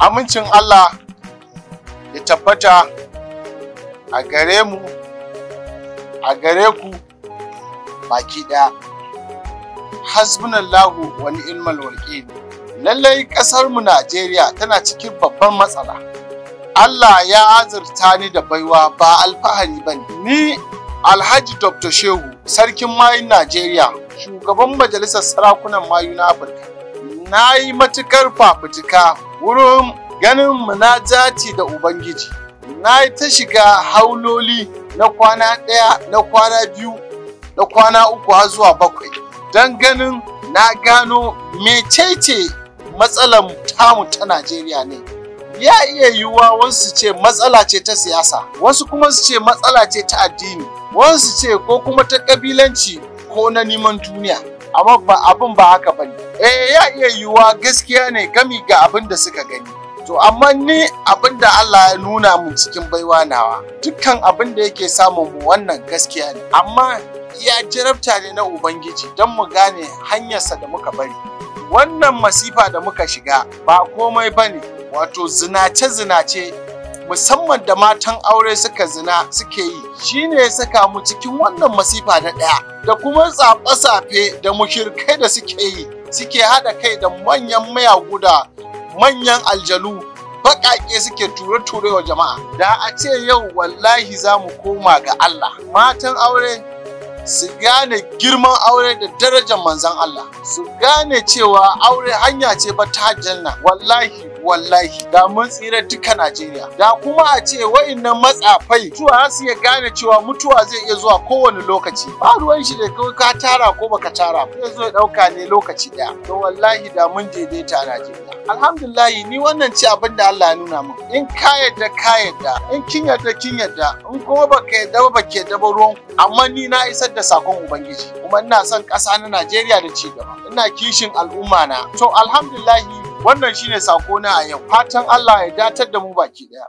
Amincin Allah ya tabbata a gare mu, a gare ku baki ɗaya. Hasbunallahu wani ilmal ne. Lallai mu Najeriya tana cikin babban matsala. Allah ya azurta ni da baiwa ba alfahari ba Ni Alhaji Dr. Shehu, Sarkin Mayun Najeriya, shugaban Majalisar Sarakunan Mayu na Afirka. na yi matukar fafutuka wurin ganin munajati da Ubangiji. Na yi ta shiga hauloli na kwana ɗaya, na kwana biyu, na kwana uku har zuwa bakwai. Don ganin na gano mecece matsalar tamu ta Najeriya ne. Ya iya yiwuwa wasu ce matsala ce ta siyasa, wasu kuma su ce matsala ce ta addini, wasu ce ko kuma ta ƙabilanci ko na neman duniya. amma ba abin ba haka ba ne eh ya iya yiwuwa gaskiya ne gami ga abin da suka gani to amma ni abin da Allah ya nuna mu cikin baiwa nawa dukkan abin da yake samun mu wannan gaskiya ne amma ya jarabta ne na ubangiji don mu gane hanyarsa da muka bari wannan masifa da muka shiga ba komai ba ne wato zinace-zinace musamman da matan aure suka zina suke yi shine ya saka mu cikin wannan masifa na ɗaya da kuma tsafe safe da mushirkai da suke yi suke haɗa kai da manyan mayaguda da manyan aljalu, baƙaƙe suke ture-ture wa jama'a da a ce yau wallahi za mu koma ga Allah matan aure su gane girman aure da darajar manzan Allah su gane cewa aure hanya ce ba ta janna wallahi wallahi da mun tsira duka Najeriya da kuma a ce wa'innan matsafai zuwa su ya gane cewa mutuwa zai iya zuwa kowane lokaci ba ruwan shi da kawai ka tara ko baka tara ko zai zo ya dauka ne lokaci daya to wallahi da mun daidaita a Najeriya alhamdulillah ni wannan ce abin da Allah ya nuna min in ka yadda ka yadda in kin yadda kin yadda in kuma baka yadda ba baka yadda ruwan amma ni na isar da sakon ubangiji kuma ina son ƙasa na Najeriya da ci gaba ina kishin al'umma na to alhamdulillah Wannan shine sako na a yau. Fatan Allah ya datar da mu baki daya.